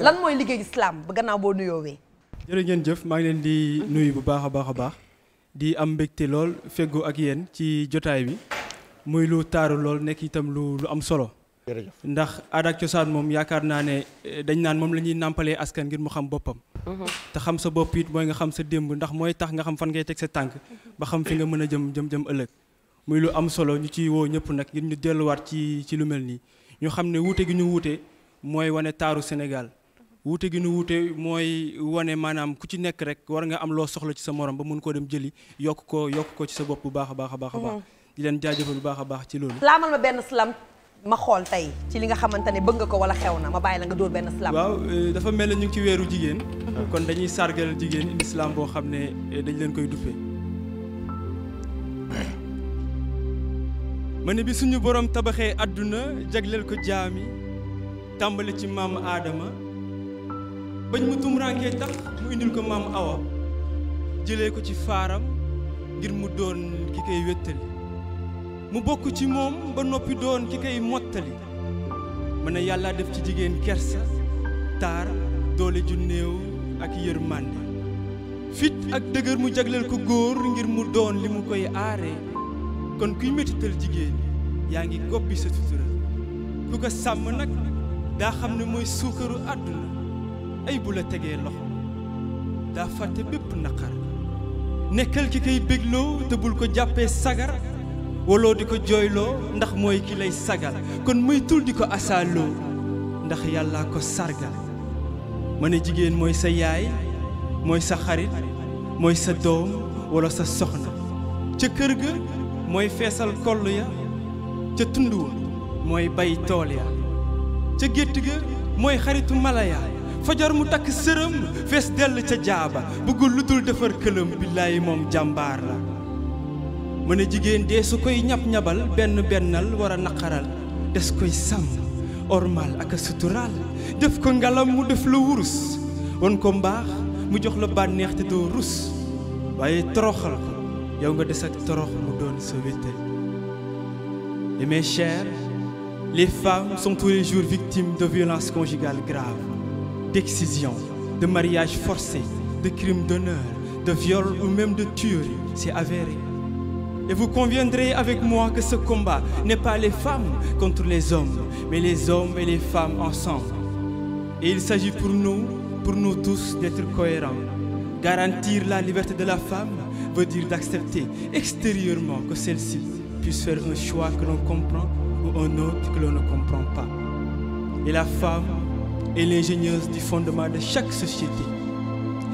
lan mooy liggéey islam ba gannaaw boo nuyoowee. jërë ngeen jëf maa ngi leen di nuyu bu baax a baax a baax di am mbégte lool feggoo ak yéen ci jotaay bi muy lu taaru lool nekk itam lu lu am solo. ndax aada cosaan moom yaakaar naa ne eh, dañ naan moom la ñuy nàmpalee askan ngir mu xam boppam. Mhm. te xam sa boppit it mooy nga xam sa démb ndax mooy tax nga xam fan ngay teg sa tànk ba xam fi nga mën a jëm jëm jëm ëllëg muy lu am solo ñu ciy woo ñëpp nag ngir ñu delluwaat ci ci lu mel nii ñu xam ne wuute gi ñu wuute. mooy wane taaru Sénégal wuute gi nu wuute mooy wane maanaam ku ci nekk rek war nga am loo soxla ci sa morom ba mun koo dem jëli yokk ko yokk ko ci sa bopp bu baax a baax a baax a baax mm-hmm. di leen jaajëfal bu baax a baax ci loolu laamal ma benn slam ma xool tey ci li nga xamante ne bëgg nga ko wala xew na ma bàyyi la nga dóor benn slam waaw euh, dafa mel ne ñu ngi ci weeru jigéen mm-hmm. kon dañuy sargal jigéen indi slam boo xam ne euh, dañ leen koy duppee ma ne bi suñu borom tabaxee àdduna jagleel ko jaami tàmbali ci maam aadama bañ mu tumurankee tax mu indil ko maam awa jëlee ko ci faaram ngir mu doon ki koy wéttali mu bokk ci moom ba noppi doon ki koy mottali mën na yàlla def ci jigéen kerse taar doole ju néew ak yërmande fit ak dëgër mu jagleel ko góor ngir mu doon li mu koy aare kon kuy mettital jigéen yaa ngi gobbi sa sutura ku ko sàmm nag daa xam ne mooy suukaru àdduna ay bu la tegee loxo daa fàtte bépp naqar nekkal ki koy bégloo te bul ko jàppee sagar waloo di ko jooyloo ndax mooy ki lay sagal kon moytul di ko asaaloo ndax yàllaa ko sargal ma ne jigéen mooy sa yaay mooy sa xarit mooy sa doom wala sa soxna ca kër ga mooy feesal koll ya ca tund wa mooy bay tool ya ca gétt ga mooy xaritu malaya fajar mu takk sërëm fees dell ca jaaba bëggul lu dul defar këlëm billaayi moom jàmbaar la mën a jigéen dee su koy ñab-ñabal benn bennal war a naqaral des koy sàmm ormal ak a suturaal def ko ngalam mu def la wurus won ko mbaax mu jox la bànneex te doo rus waaye toroxal ko yow nga des ak torox mu doon sa wéttal et mes Les femmes sont tous les jours victimes de violences conjugales graves, d'excisions, de mariages forcés, de crimes d'honneur, de viols ou même de tueries. C'est avéré. Et vous conviendrez avec moi que ce combat n'est pas les femmes contre les hommes, mais les hommes et les femmes ensemble. Et il s'agit pour nous, pour nous tous, d'être cohérents. Garantir la liberté de la femme veut dire d'accepter extérieurement que celle-ci puisse faire un choix que l'on ou un autre que l'on ne comprend pas. Et la femme est l'ingénieuse du fondement de chaque société.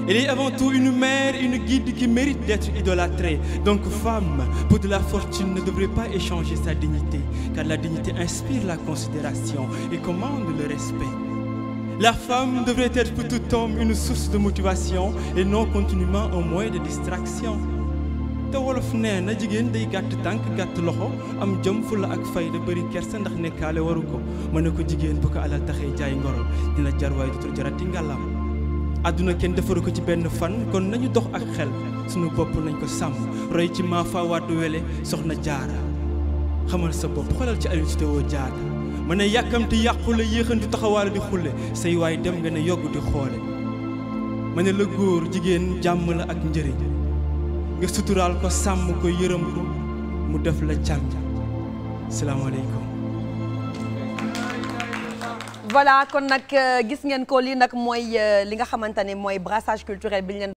Elle est avant tout une mère, une guide qui mérite d'être idolâtrée. Donc femme, pour de la fortune, ne devrait pas échanger sa dignité, car la dignité inspire la considération et commande le respect. La femme devrait être pour tout homme une source de motivation et non continuellement un moyen de distraction. te wolof nee na jigéen day gàtt tànk gàtt loxo am jëm fulla ak fay fayda bëri kersa ndax nekkaale waru ko mën ne ko jigéen bu ko alal taxee jaay ngoro dina jar waaye dutul jarati ngàllam àdduna kenn defaru ko ci benn fan kon nañu dox ak xel suñu bopp nañ ko sàmm roy ci maafa wàddu wele soxna jaara xamal sa bopp xoolal ci Aline Sitoé Diatta ma ne yàkkamti yàqule yéexantu taxawaale di xulle say waay dem nga ne yogg di xoole ma ne la góor jigéen jàmm ak njëriñ nga suturaal ko sàmm ko yërëm mu def la jàmm salaamaaleykum voilà kon nag euh, gis ngeen ko lii nag mooy euh, li nga xamante ne mooy brassage culturel bi